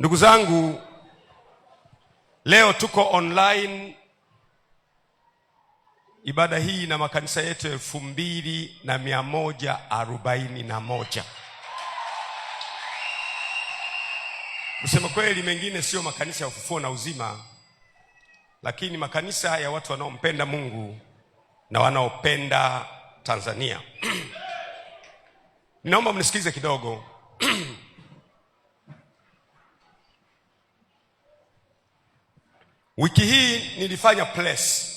Ndugu zangu, leo tuko online ibada hii na makanisa yetu elfu mbili na mia moja arobaini na moja. Kusema kweli, mengine sio makanisa ya ufufuo na uzima, lakini makanisa ya watu wanaompenda Mungu na wanaopenda Tanzania. Ninaomba mnisikize kidogo Wiki hii nilifanya press,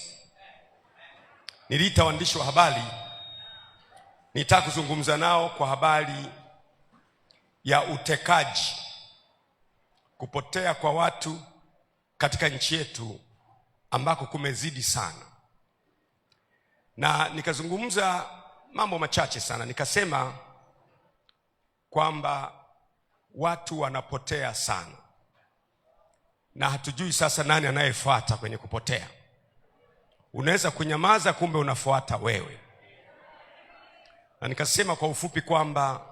niliita waandishi wa habari, nitaka kuzungumza nao kwa habari ya utekaji, kupotea kwa watu katika nchi yetu ambako kumezidi sana, na nikazungumza mambo machache sana. Nikasema kwamba watu wanapotea sana na hatujui sasa nani anayefuata kwenye kupotea. Unaweza kunyamaza, kumbe unafuata wewe. Na nikasema kwa ufupi kwamba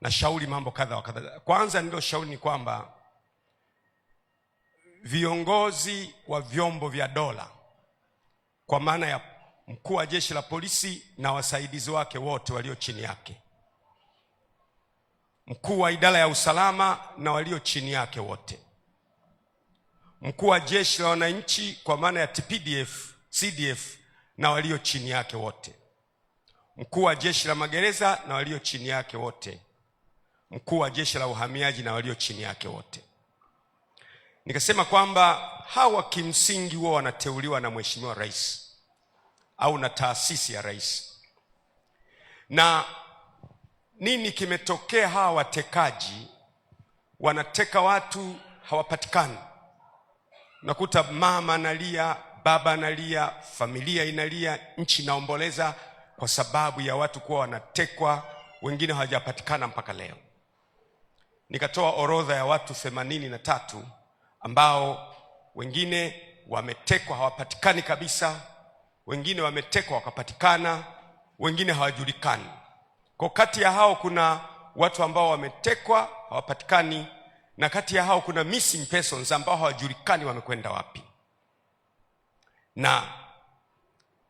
nashauri mambo kadha wa kadha. Kwanza nililoshauri ni kwamba viongozi wa vyombo vya dola kwa maana ya mkuu wa jeshi la polisi na wasaidizi wake wote walio chini yake, mkuu wa idara ya usalama na walio chini yake wote mkuu wa jeshi la wananchi kwa maana ya TPDF, CDF na walio chini yake wote, mkuu wa jeshi la magereza na walio chini yake wote, mkuu wa jeshi la uhamiaji na walio chini yake wote. Nikasema kwamba hawa kimsingi huwa wanateuliwa na mheshimiwa rais au na taasisi ya rais. Na nini kimetokea? Hawa watekaji wanateka watu, hawapatikani Nakuta mama analia, baba analia, familia inalia, nchi inaomboleza kwa sababu ya watu kuwa wanatekwa, wengine hawajapatikana mpaka leo. Nikatoa orodha ya watu themanini na tatu ambao wengine wametekwa hawapatikani kabisa, wengine wametekwa wakapatikana, wengine hawajulikani. Kwa kati ya hao kuna watu ambao wametekwa hawapatikani na kati ya hao kuna missing persons ambao hawajulikani wamekwenda wapi, na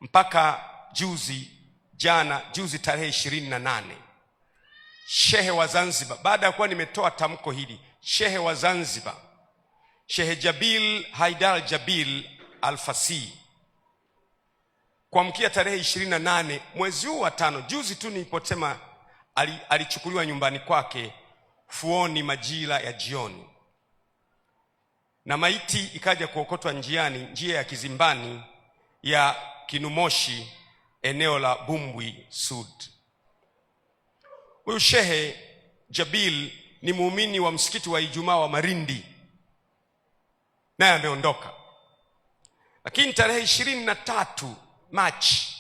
mpaka juzi jana, juzi tarehe ishirini na nane shehe wa Zanzibar, baada ya kuwa nimetoa tamko hili, shehe wa Zanzibar Shehe Jabil Haidar Jabil Alfasi kuamkia tarehe ishirini na nane mwezi huu wa tano, juzi tu niliposema, alichukuliwa nyumbani kwake fuoni majira ya jioni, na maiti ikaja kuokotwa njiani, njia ya Kizimbani ya Kinumoshi, eneo la Bumbwi Sud. Huyu Shehe Jabil ni muumini wa msikiti wa Ijumaa wa Marindi, naye ameondoka. Lakini tarehe ishirini na tatu Machi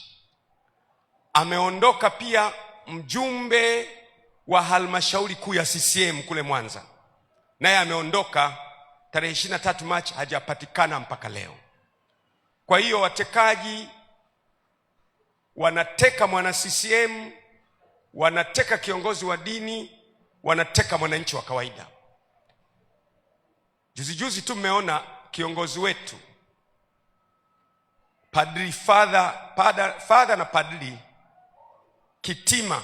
ameondoka pia mjumbe wa halmashauri kuu ya CCM kule Mwanza, naye ameondoka tarehe 23 Machi, hajapatikana mpaka leo. Kwa hiyo watekaji wanateka mwana CCM, wanateka kiongozi wa dini, wanateka mwananchi wa kawaida. Juzi juzi tu mmeona kiongozi wetu padri father, father, father na padri Kitima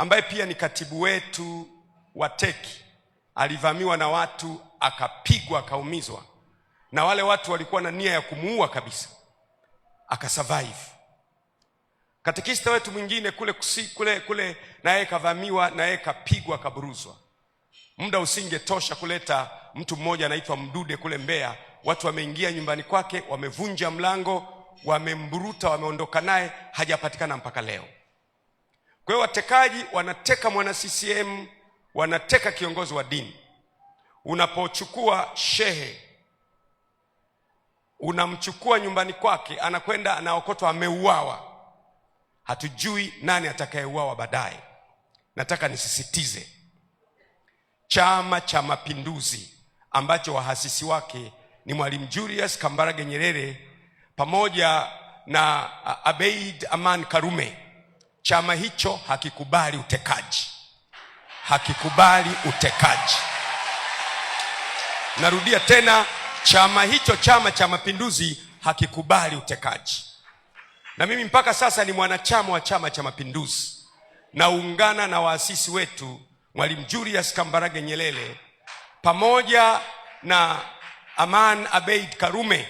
ambaye pia ni katibu wetu wa teki alivamiwa na watu akapigwa akaumizwa, na wale watu walikuwa na nia ya kumuua kabisa, akasurvive. katikista wetu mwingine kule kusi, kule kule naye kavamiwa na yeye kapigwa kaburuzwa. Muda usingetosha kuleta mtu mmoja anaitwa Mdude kule Mbeya, watu wameingia nyumbani kwake, wamevunja mlango, wamemburuta, wameondoka naye, hajapatikana mpaka leo. Kwa hiyo watekaji wanateka mwana CCM, wanateka kiongozi wa dini. Unapochukua shehe, unamchukua nyumbani kwake, anakwenda anaokotwa, ameuawa. Hatujui nani atakayeuawa baadaye. Nataka nisisitize, Chama cha Mapinduzi ambacho wahasisi wake ni Mwalimu Julius Kambarage Nyerere pamoja na Abeid Aman Karume Chama hicho hakikubali utekaji, hakikubali utekaji. Narudia tena, chama hicho, Chama cha Mapinduzi, hakikubali utekaji. Na mimi mpaka sasa ni mwanachama wa Chama cha Mapinduzi, naungana na waasisi wetu Mwalimu Julius Kambarage nyelele pamoja na Aman Abeid Karume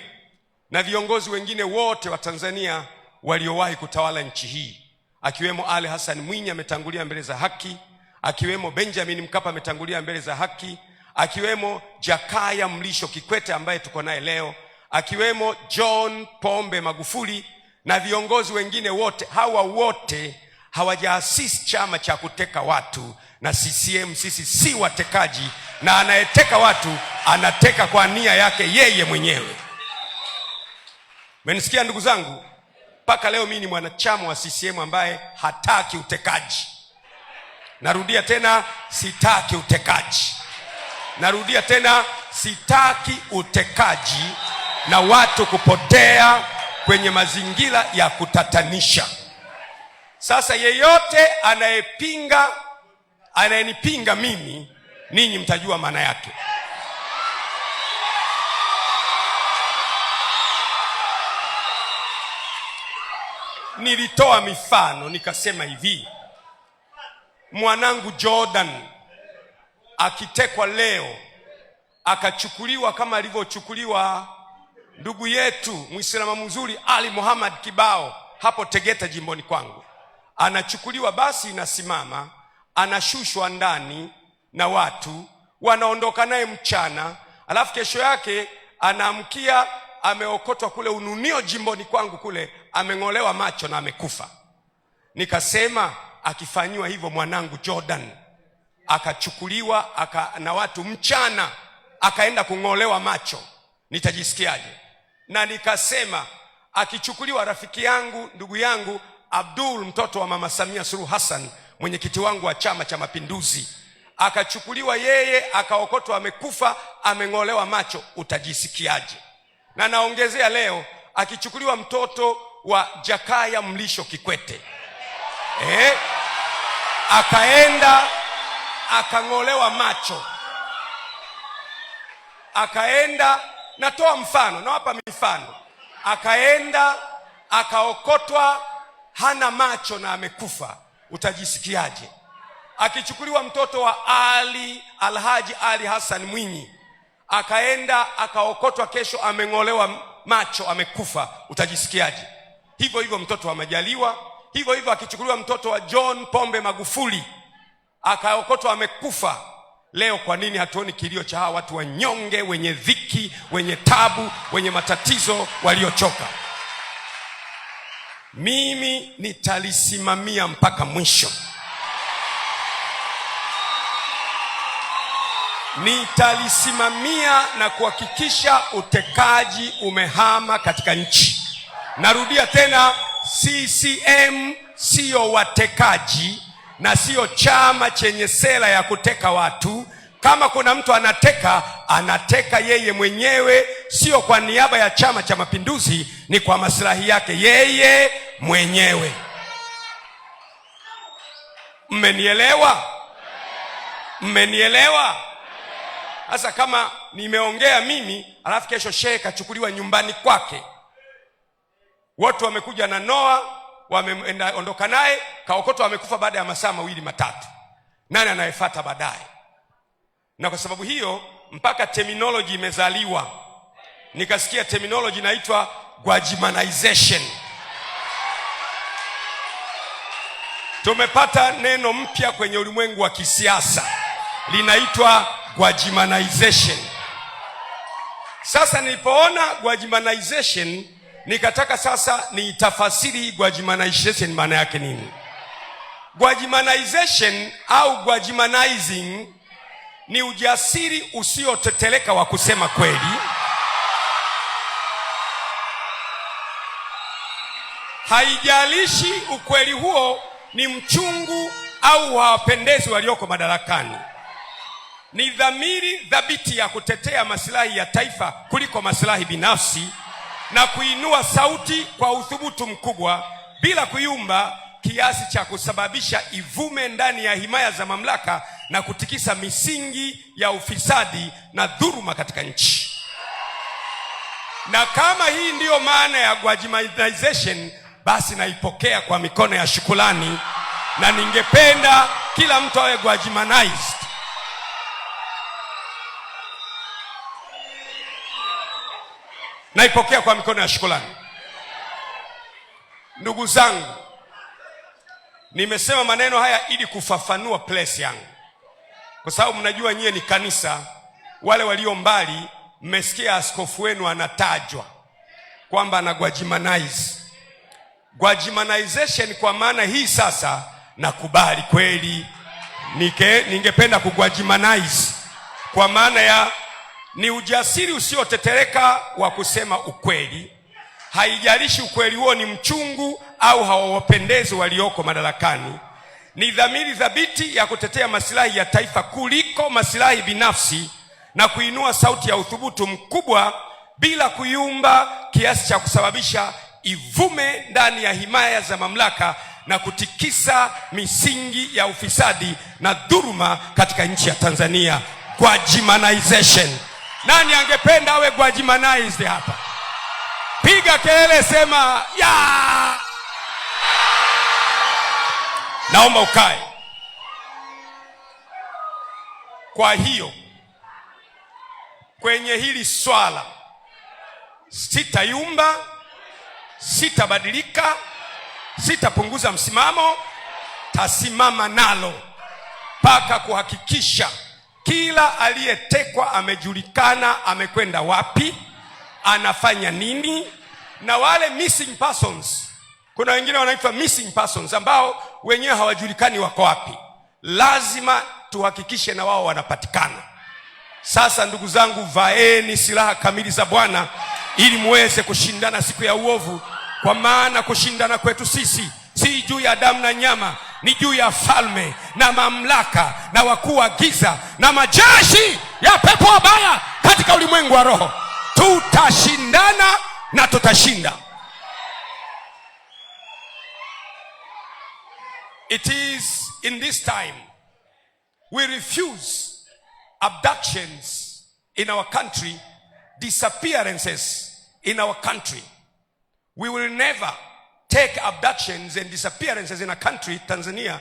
na viongozi wengine wote wa Tanzania waliowahi kutawala nchi hii akiwemo Ali Hassan Mwinyi ametangulia mbele za haki, akiwemo Benjamin Mkapa ametangulia mbele za haki, akiwemo Jakaya Mlisho Kikwete ambaye tuko naye leo, akiwemo John Pombe Magufuli na viongozi wengine wote. Hawa wote hawajaasisi chama cha kuteka watu na CCM. Sisi si watekaji, na anayeteka watu anateka kwa nia yake yeye mwenyewe. Menisikia ndugu zangu? mpaka leo mimi ni mwanachama wa CCM ambaye hataki utekaji. Narudia tena, sitaki utekaji. Narudia tena, sitaki utekaji na watu kupotea kwenye mazingira ya kutatanisha. Sasa yeyote anayepinga, anayenipinga mimi, ninyi mtajua maana yake. nilitoa mifano nikasema hivi, mwanangu Jordan akitekwa leo akachukuliwa kama alivyochukuliwa ndugu yetu Muislamu mzuri Ali Muhammad Kibao hapo Tegeta jimboni kwangu, anachukuliwa basi, inasimama anashushwa ndani na watu wanaondoka naye mchana, alafu kesho yake anaamkia ameokotwa kule Ununio, jimboni kwangu kule, ameng'olewa macho na amekufa. Nikasema akifanyiwa hivyo mwanangu Jordan akachukuliwa aka, na watu mchana akaenda kung'olewa macho nitajisikiaje? Na nikasema akichukuliwa rafiki yangu ndugu yangu Abdul mtoto wa mama Samia Suluhu Hassan mwenyekiti wangu wa Chama cha Mapinduzi akachukuliwa yeye akaokotwa, amekufa ameng'olewa macho, utajisikiaje? na naongezea leo akichukuliwa mtoto wa Jakaya Mlisho Kikwete eh, akaenda akang'olewa macho, akaenda, natoa mfano, nawapa mifano, akaenda akaokotwa hana macho na amekufa, utajisikiaje? Akichukuliwa mtoto wa Ali Alhaji Ali Hassan Mwinyi akaenda akaokotwa, kesho ameng'olewa macho, amekufa, utajisikiaje? Hivyo hivyo mtoto amejaliwa hivyo hivyo akichukuliwa mtoto wa John Pombe Magufuli akaokotwa, amekufa. Leo kwa nini hatuoni kilio cha hawa watu wanyonge, wenye dhiki, wenye tabu, wenye matatizo, waliochoka? Mimi nitalisimamia mpaka mwisho. nitalisimamia na kuhakikisha utekaji umehama katika nchi. Narudia tena, CCM siyo watekaji na siyo chama chenye sera ya kuteka watu. Kama kuna mtu anateka, anateka yeye mwenyewe, sio kwa niaba ya Chama cha Mapinduzi, ni kwa maslahi yake yeye mwenyewe. Mmenielewa? Mmenielewa? hasa kama nimeongea mimi alafu kesho shehe kachukuliwa nyumbani kwake, watu wamekuja na Noa wameondoka naye kaokotwa, wamekufa baada ya masaa mawili matatu. Nani anayefuata baadaye? Na kwa sababu hiyo mpaka terminology imezaliwa, nikasikia terminology inaitwa Gwajimanization. Tumepata neno mpya kwenye ulimwengu wa kisiasa linaitwa Gwajimanization. Sasa nilipoona Gwajimanization nikataka sasa niitafasiri Gwajimanization maana yake nini? Gwajimanization au Gwajimanizing ni ujasiri usioteteleka wa kusema kweli. Haijalishi ukweli huo ni mchungu au hawapendezi walioko madarakani ni dhamiri thabiti ya kutetea masilahi ya taifa kuliko masilahi binafsi na kuinua sauti kwa uthubutu mkubwa bila kuyumba kiasi cha kusababisha ivume ndani ya himaya za mamlaka na kutikisa misingi ya ufisadi na dhuruma katika nchi. Na kama hii ndiyo maana ya Gwajimaization, basi naipokea kwa mikono ya shukulani na ningependa kila mtu awe Gwajimanized. naipokea kwa mikono ya shukrani. Ndugu zangu, nimesema maneno haya ili kufafanua place yangu, kwa sababu mnajua nyie ni kanisa. Wale walio mbali, mmesikia askofu wenu anatajwa kwamba ana Gwajimanize Gwajimanization kwa maana hii sasa, nakubali kweli, ningependa kugwajimanize kwa maana ya ni ujasiri usiotetereka wa kusema ukweli, haijalishi ukweli huo ni mchungu au hawawapendezi walioko madarakani. Ni dhamiri thabiti ya kutetea masilahi ya taifa kuliko masilahi binafsi na kuinua sauti ya uthubutu mkubwa bila kuyumba kiasi cha kusababisha ivume ndani ya himaya za mamlaka na kutikisa misingi ya ufisadi na dhuruma katika nchi ya Tanzania kwa Jimanization. Nani angependa awe Gwajimanized hapa? Piga kelele, sema ya. Naomba ukae. Kwa hiyo kwenye hili swala sitayumba, sitabadilika, sitapunguza msimamo, tasimama nalo mpaka kuhakikisha kila aliyetekwa amejulikana, amekwenda wapi, anafanya nini. Na wale missing persons, kuna wengine wanaitwa missing persons ambao wenyewe hawajulikani wako wapi, lazima tuhakikishe na wao wanapatikana. Sasa ndugu zangu, vaeni silaha kamili za Bwana ili muweze kushindana siku ya uovu, kwa maana kushindana kwetu sisi si juu ya damu na nyama, ni juu ya falme na mamlaka na wakuu wa giza na majeshi ya pepo wabaya katika ulimwengu wa roho. Tutashindana na tutashinda. It is in this time we refuse abductions in our country, disappearances in our country. We will never take abductions and disappearances in a country, Tanzania,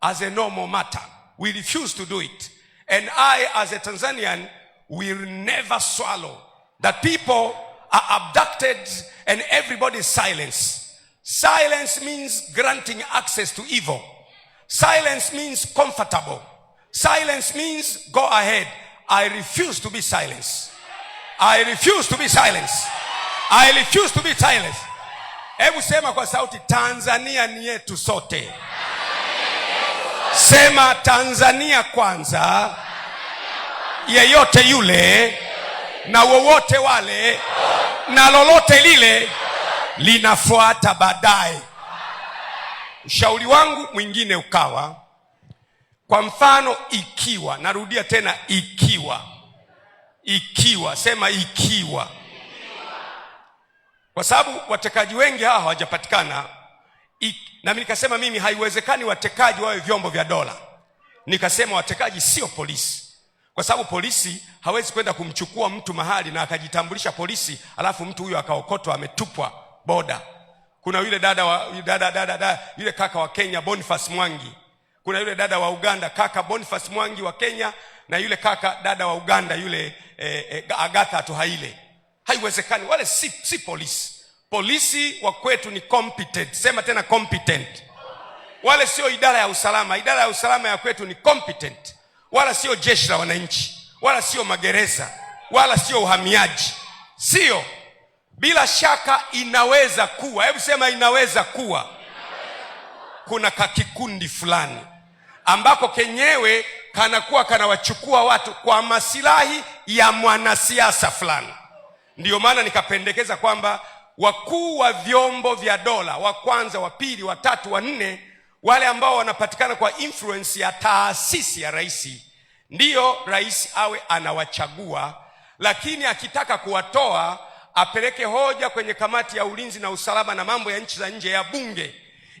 as a normal matter. We refuse to do it. And I, as a Tanzanian, will never swallow that people are abducted and everybody's silence. Silence means granting access to evil. Silence means comfortable. Silence means go ahead. I refuse to be silenced. I refuse to be silenced. I refuse to be silenced. Hebu sema kwa sauti, Tanzania ni yetu sote. Sema Tanzania kwanza, yeyote yule na wowote wale na lolote lile linafuata baadaye. Ushauri wangu mwingine ukawa, kwa mfano, ikiwa, narudia tena, ikiwa, ikiwa, sema ikiwa kwa sababu watekaji wengi hawa hawajapatikana, na nikasema mimi haiwezekani watekaji wawe vyombo vya dola. Nikasema watekaji sio polisi, kwa sababu polisi hawezi kwenda kumchukua mtu mahali na akajitambulisha polisi, alafu mtu huyo akaokotwa ametupwa boda. Kuna yule dada wa, yule, dada, dada, dada, yule kaka wa Kenya Boniface Mwangi, kuna yule dada wa Uganda kaka Boniface Mwangi wa Kenya, na yule kaka dada wa Uganda yule eh, eh, Agatha Tuhaile haiwezekani. Wale si, si polisi. Polisi wa kwetu ni competent. Sema tena competent. Wale sio idara ya usalama. Idara ya usalama ya kwetu ni competent, wala sio jeshi la wananchi, wala sio magereza, wala sio uhamiaji. Sio bila shaka, inaweza kuwa, hebu sema inaweza kuwa, inaweza kuwa kuna kakikundi fulani ambako kenyewe kanakuwa kanawachukua watu kwa masilahi ya mwanasiasa fulani Ndiyo maana nikapendekeza kwamba wakuu wa vyombo vya dola wa kwanza, wa pili, wa tatu, wa nne, wale ambao wanapatikana kwa influence ya taasisi ya rais, ndiyo rais awe anawachagua, lakini akitaka kuwatoa apeleke hoja kwenye kamati ya ulinzi na usalama na mambo ya nchi za nje ya bunge,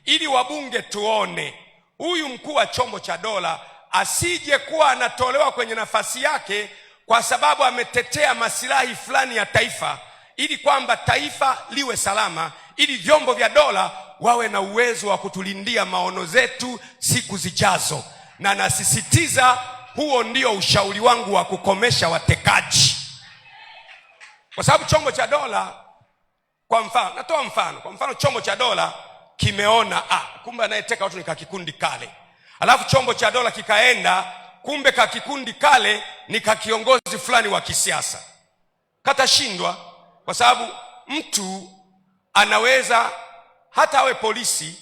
ili wabunge tuone huyu mkuu wa chombo cha dola asije kuwa anatolewa kwenye nafasi yake kwa sababu ametetea masilahi fulani ya taifa, ili kwamba taifa liwe salama, ili vyombo vya dola wawe na uwezo wa kutulindia maono zetu siku zijazo. Na nasisitiza, huo ndio ushauri wangu wa kukomesha watekaji, kwa sababu chombo cha dola, kwa mfano, natoa mfano, kwa mfano chombo cha dola kimeona ah, kumbe anayeteka watu ni kikundi kale, alafu chombo cha dola kikaenda kumbe kakikundi kale ni kakiongozi fulani wa kisiasa, katashindwa kwa sababu mtu anaweza hata awe polisi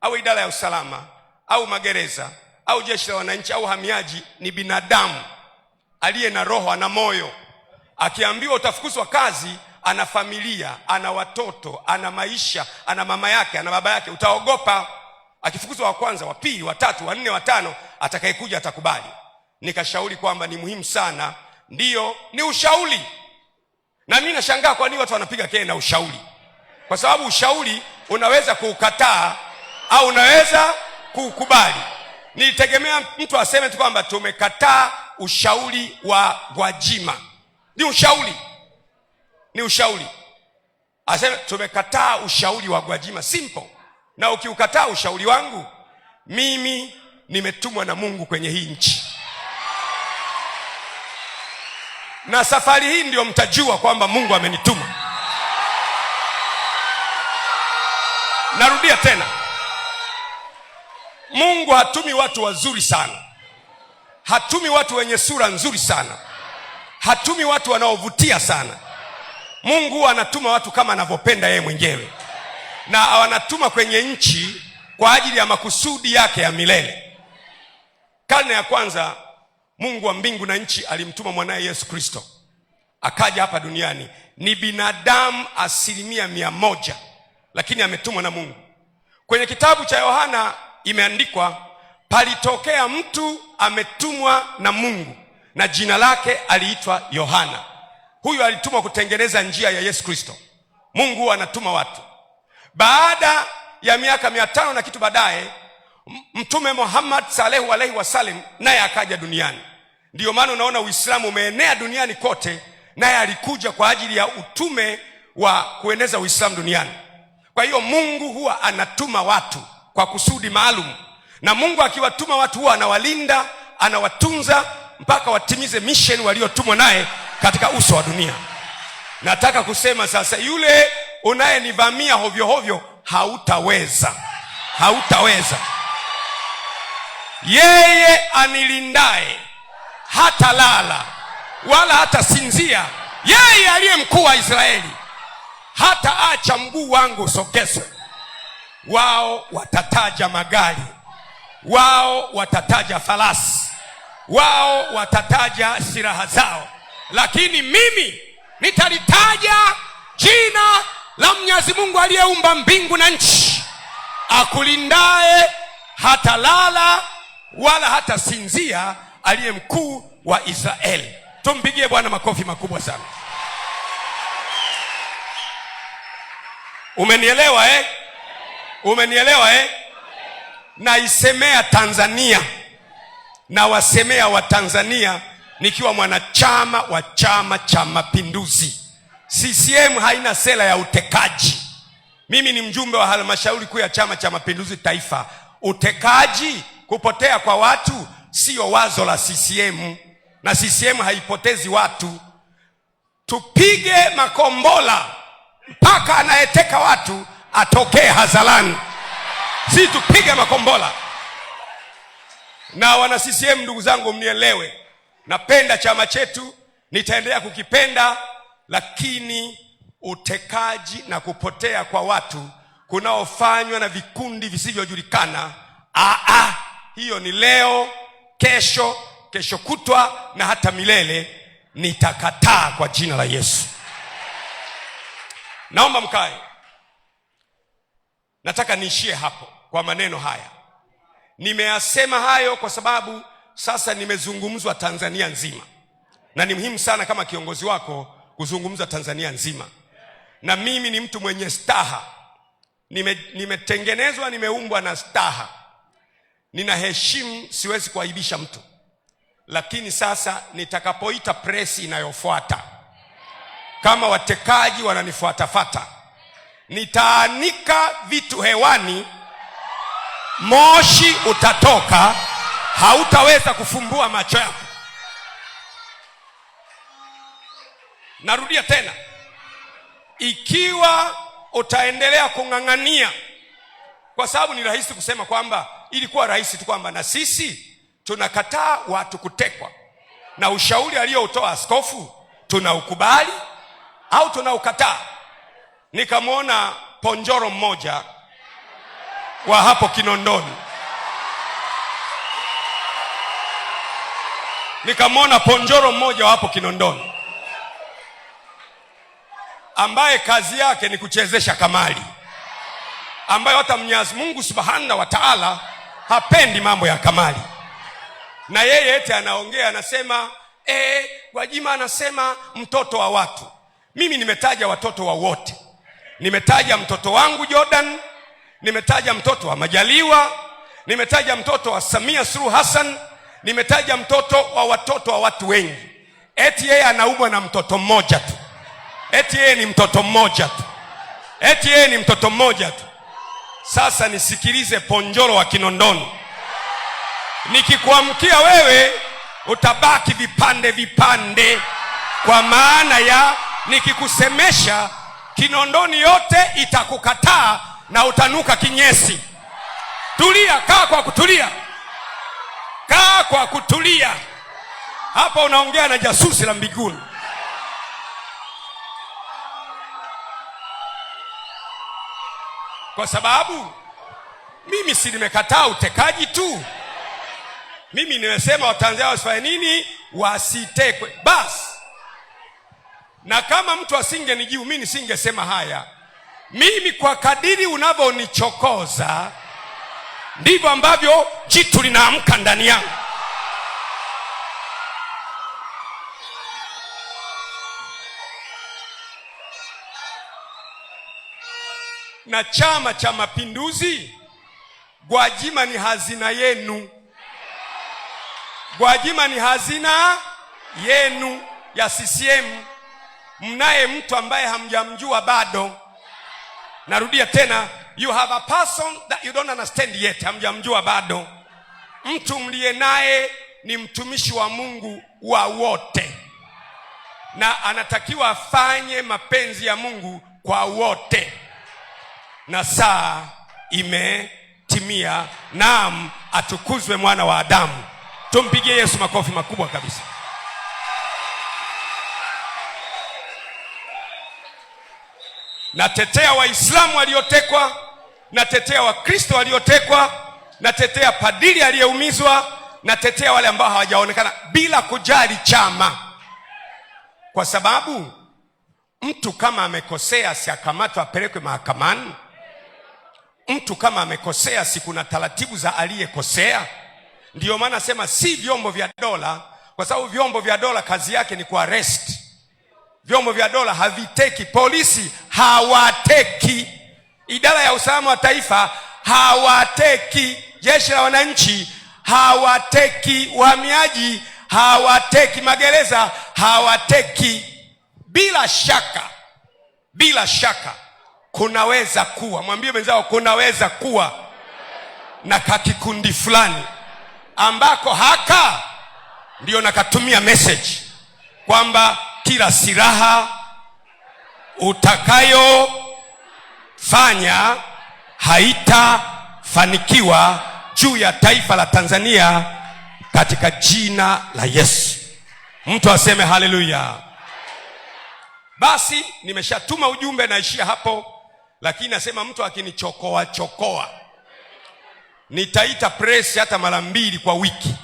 au idara ya usalama au magereza au jeshi la wananchi au hamiaji, ni binadamu aliye na roho, ana moyo. Akiambiwa utafukuzwa kazi, ana familia, ana watoto, ana maisha, ana mama yake, ana baba yake, utaogopa. Akifukuzwa wa kwanza, wa pili, wa tatu, wa nne, wa tano, atakayekuja atakubali nikashauri kwamba ni muhimu sana, ndiyo ni ushauri. Na mimi nashangaa kwa nini watu wanapiga kelele na ushauri, kwa sababu ushauri unaweza kuukataa au unaweza kuukubali. Nilitegemea mtu aseme tu kwamba tumekataa ushauri wa Gwajima. Ni ushauri, ni ushauri. Aseme tumekataa ushauri wa Gwajima, simple. Na ukiukataa ushauri wangu, mimi nimetumwa na Mungu kwenye hii nchi na safari hii ndio mtajua kwamba Mungu amenituma. Narudia tena, Mungu hatumi watu wazuri sana, hatumi watu wenye sura nzuri sana, hatumi watu wanaovutia sana. Mungu huwa anatuma watu kama anavyopenda yeye mwenyewe, na anatuma kwenye nchi kwa ajili ya makusudi yake ya milele. Karne ya kwanza Mungu wa mbingu na nchi alimtuma mwanaye Yesu Kristo akaja hapa duniani. Ni binadamu asilimia mia moja, lakini ametumwa na Mungu. Kwenye kitabu cha Yohana imeandikwa palitokea mtu ametumwa na Mungu na jina lake aliitwa Yohana. Huyu alitumwa kutengeneza njia ya Yesu Kristo. Mungu anatuma watu. Baada ya miaka mia tano na kitu baadaye, Mtume Muhammad salehu alaihi wasallam naye akaja duniani. Ndiyo maana unaona Uislamu umeenea duniani kote, naye alikuja kwa ajili ya utume wa kueneza Uislamu duniani. Kwa hiyo Mungu huwa anatuma watu kwa kusudi maalum, na Mungu akiwatuma watu huwa anawalinda, anawatunza mpaka watimize misheni waliotumwa naye katika uso wa dunia. Nataka kusema sasa, yule unayenivamia hovyo hovyo, hautaweza, hautaweza. Yeye anilindaye hata lala wala hata sinzia, yeye aliye mkuu wa Israeli hata acha mguu wangu usogezwe. Wao watataja magari, wao watataja farasi, wao watataja silaha zao, lakini mimi nitalitaja jina la mnyazi Mungu aliyeumba mbingu na nchi, akulindaye hata lala wala hata sinzia aliye mkuu wa Israeli. Tumpigie Bwana makofi makubwa sana. Umenielewa eh? Umenielewa eh? Naisemea Tanzania na wasemea wa Tanzania nikiwa mwanachama wa Chama cha Mapinduzi. CCM haina sera ya utekaji. Mimi ni mjumbe wa halmashauri kuu ya Chama cha Mapinduzi taifa. Utekaji, kupotea kwa watu siyo wazo la CCM na CCM haipotezi watu. Tupige makombola mpaka anayeteka watu atokee hadharani, si tupige makombola. Na wana CCM, ndugu zangu, mnielewe, napenda chama chetu, nitaendelea kukipenda, lakini utekaji na kupotea kwa watu kunaofanywa na vikundi visivyojulikana, hiyo ni leo kesho, kesho kutwa na hata milele nitakataa kwa jina la Yesu. Naomba mkae. Nataka niishie hapo kwa maneno haya. Nimeyasema hayo kwa sababu sasa nimezungumzwa Tanzania nzima, na ni muhimu sana kama kiongozi wako kuzungumza Tanzania nzima, na mimi ni mtu mwenye staha, nimetengenezwa, nime nimeumbwa na staha nina heshimu siwezi kuaibisha mtu, lakini sasa nitakapoita presi inayofuata, kama watekaji wananifuatafata, nitaanika vitu hewani, moshi utatoka, hautaweza kufumbua macho yako. Narudia tena, ikiwa utaendelea kung'ang'ania kwa sababu ni rahisi kusema kwamba ilikuwa rahisi tu kwamba na sisi tunakataa watu kutekwa, na ushauri aliyoutoa askofu tunaukubali au tunaukataa? Nikamwona ponjoro mmoja wa hapo Kinondoni, nikamwona ponjoro mmoja wa hapo Kinondoni ambaye kazi yake ni kuchezesha kamali ambayo hata Mwenyezi Mungu Subhanahu wa Ta'ala hapendi mambo ya kamali, na yeye eti anaongea anasema e, anasema mtoto wa watu. Mimi nimetaja watoto wa wote, nimetaja mtoto wangu Jordan, nimetaja mtoto wa Majaliwa, nimetaja mtoto wa Samia Suluhu Hassan, nimetaja mtoto wa watoto wa watu wengi. Eti yeye anaumwa na mtoto mmoja tu, eti yeye ni mtoto mmoja tu, eti yeye ni mtoto mmoja tu. Sasa nisikilize, ponjoro wa Kinondoni, nikikuamkia wewe utabaki vipande vipande, kwa maana ya nikikusemesha Kinondoni yote itakukataa na utanuka kinyesi. Tulia, kaa kwa kutulia, kaa kwa kutulia. Hapa unaongea na jasusi la mbiguni kwa sababu mimi si nimekataa utekaji tu, mimi nimesema Watanzania wasifanye nini? Wasitekwe basi. Na kama mtu asingenijiu mimi nisingesema haya. Mimi kwa kadiri unavyonichokoza ndivyo ambavyo jitu linaamka ndani yangu. na Chama cha Mapinduzi, Gwajima ni hazina yenu. Gwajima ni hazina yenu ya CCM. Mnaye mtu ambaye hamjamjua bado. Narudia tena, you have a person that you don't understand yet, hamjamjua bado. Mtu mliye naye ni mtumishi wa Mungu wa wote, na anatakiwa afanye mapenzi ya Mungu kwa wote na saa imetimia, naam, atukuzwe mwana wa Adamu. Tumpigie Yesu makofi makubwa kabisa. Natetea Waislamu waliotekwa, natetea Wakristo waliotekwa, natetea padili aliyeumizwa, natetea wale ambao hawajaonekana, bila kujali chama, kwa sababu mtu kama amekosea, si akamatwa apelekwe mahakamani? Mtu kama amekosea, si kuna taratibu za aliyekosea? Ndiyo maana sema si vyombo vya dola, kwa sababu vyombo vya dola kazi yake ni kuarrest. Vyombo vya dola haviteki, polisi hawateki, idara ya usalama wa taifa hawateki, jeshi la wananchi hawateki, uhamiaji hawateki, magereza hawateki. Bila shaka, bila shaka kunaweza kuwa, mwambie mwenzao, kunaweza kuwa na kakikundi fulani ambako haka ndio nakatumia message kwamba kila silaha utakayofanya haitafanikiwa juu ya taifa la Tanzania katika jina la Yesu. Mtu aseme haleluya! Basi nimeshatuma ujumbe, naishia hapo lakini nasema mtu akinichokoa chokoa, nitaita press hata mara mbili kwa wiki.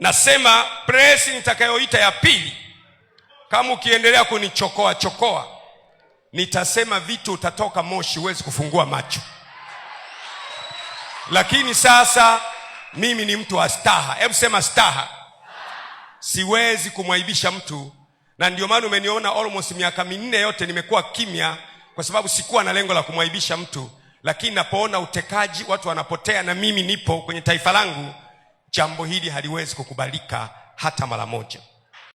Nasema press nitakayoita ya pili, kama ukiendelea kunichokoa chokoa, nitasema vitu, utatoka moshi, huwezi kufungua macho. Lakini sasa mimi ni mtu wa staha, hebu sema staha. Siwezi kumwaibisha mtu na ndio maana umeniona almost miaka minne yote nimekuwa kimya, kwa sababu sikuwa na lengo la kumwaibisha mtu, lakini napoona utekaji, watu wanapotea na mimi nipo kwenye taifa langu, jambo hili haliwezi kukubalika hata mara moja.